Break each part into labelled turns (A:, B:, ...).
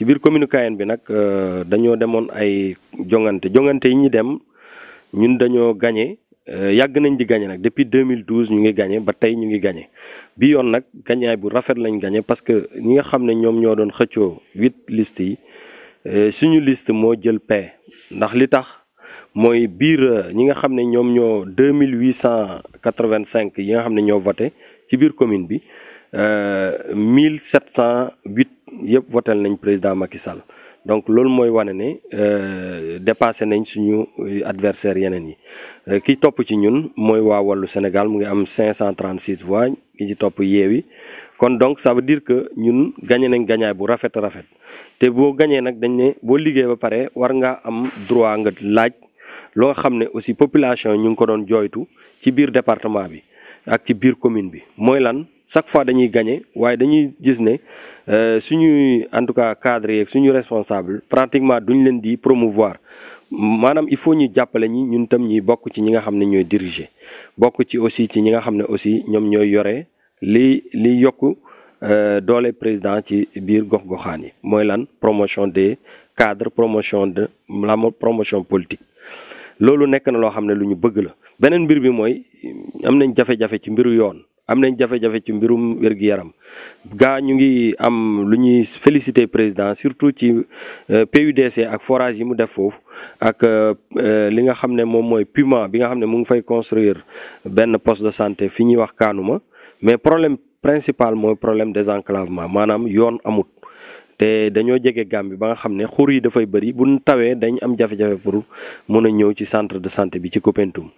A: ci biir commune Kayen bi nag euh, dañoo demoon ay jongante jongante yi ñu dem ñun dañoo gañe euh, yàgg nañ di gañe nag depuis 2012 ñu ngi gañee ba tey ñu ngi gañe bi yoon nag gañaay bu rafet lañ gañe parce que ñi nga xam ne ñoom ñoo doon xëccoo huit listes yi euh, suñu liste moo jël paie ndax li tax mooy biir ñi nga xam ne ñoom ñoo 2885 yi nga xam ne ñoo voté ci biir commune bi 1708 yëpp votel nañ président Macky Sall donc loolu mooy wane ne euh, dépassé nañ suñu euh, adversaire yeneen yi euh, ki topp ci ñun mooy waa wàllu Sénégal mu ngi am 536 voix ki ci topp yeewi kon donc ça veut dire que ñun gagné nañ gañaay bu rafet rafet te boo gañee nag dañ ne boo liggéey ba pare war nga am droit nga laaj loo xam ne aussi population ñu ngi ko doon jooytu ci biir département bi ak ci biir commune bi mooy lan chaque fois dañuy gagné waaye dañuy gis ne euh, suñuy en tout cas cadres yeeg suñu responsable pratiquement duñ leen di promouvoir maanaam il faut ñu jàppale ñi ñun tam ñuy bokk ci ñi nga xam ne ñooy diriger bokk ci aussi ci ñi nga xam ne aussi ñoom ñooy yore li li yokk euh, doole président ci biir gox-goxaan yi mooy lan promotion des cadre promotion de la promotion politique loolu nekk na loo xam ne lu ñu bëgg la beneen mbir bi mooy am nañ jafe-jafe ci mbiru yoon am nañ jafe-jafe ci mbirum wér-gu-yaram gaa ñu ngi am lu ñuy féliciter président surtout ci euh, PUDC ak forage yi mu def foofu ak euh, li nga xam ne moom mooy Puma bi nga xam ne mu ngi fay construire benn poste de santé fi ñuy wax Kaanuma mais problème principal mooy problème des désenclavement maanaam yoon amut te dañoo jege Gàmbi ba nga xam ne xur yi dafay bëri bu ñu tawee dañ am jafe-jafe pour mën a ñëw ci centre de santé bi ci Koupentoum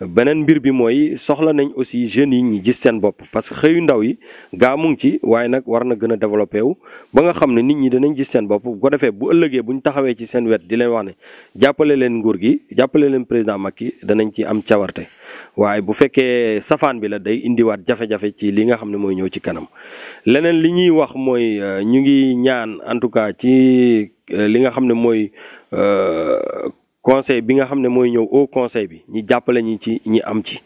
A: beneen mbir bi mooy soxla nañ aussi jeunes yi ñi gis seen bopp parce que xëyu ndaw yi gaa mu ngi ci waaye nag war na gën a développé wu ba nga xam ne nit ñi danañ gis seen bopp bu ko defee bu ëllëgee bu taxawee ci seen wet di leen wax ne jàppale leen nguur gi jàppale leen président Macky danañ ci am cawarte waaye bu fekkee safaan bi la day indiwaat jafe ci li nga xam ne mooy ñëw ci kanam ñaan en tout cas ci euh, li nga xam ne mooy euh, conseil bi nga xam ne mooy ñëw au conseil bi ñi jàppale ñi ci ñi am ci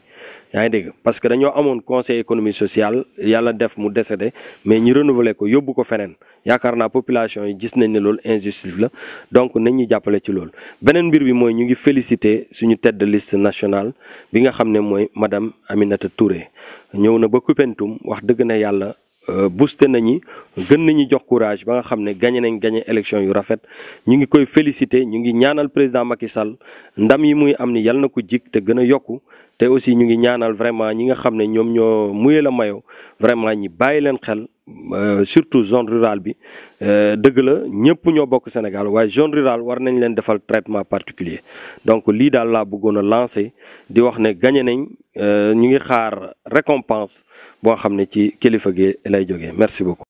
A: yaa ngi dégg parce que dañoo amoon conseil économie sociale yàlla def mu décédé mais ñi renouveler ko yóbbu ko feneen yaakaar naa population yi gis nañ ne loolu injustice la donc nañ ñu jàppale ci loolu. beneen mbir bi mooy ñu ngi félicité suñu tête de liste nationale bi nga xam ne mooy madame Aminata Touré ñëw na ba Koupentoum wax dëgg na yàlla. Euh, booster nañu gën nañu jox courage ba nga xam ne gagné nañ gagné élection yu rafet ñu ngi koy félicité ñu ngi ñaanal président Macky Sall ndam yi muy am ni yal na ko jik te gën a yokku te aussi ñu ngi ñaanal vraiment ñi nga xam ne ñoom ñoo muyee la mayo vraiment ñi bàyyi leen xel. Euh, surtout zone rurale bi euh, dëgg la ñëpp ñoo bokk Sénégal waaye zone rurale war nañ leen defal traitement particulier donc lii daal laa bëggoon a lancer di wax ne gagné nañ euh, ñu ngi xaar récompense boo xam ne ci kilifa gi lay jógee merci beaucoup.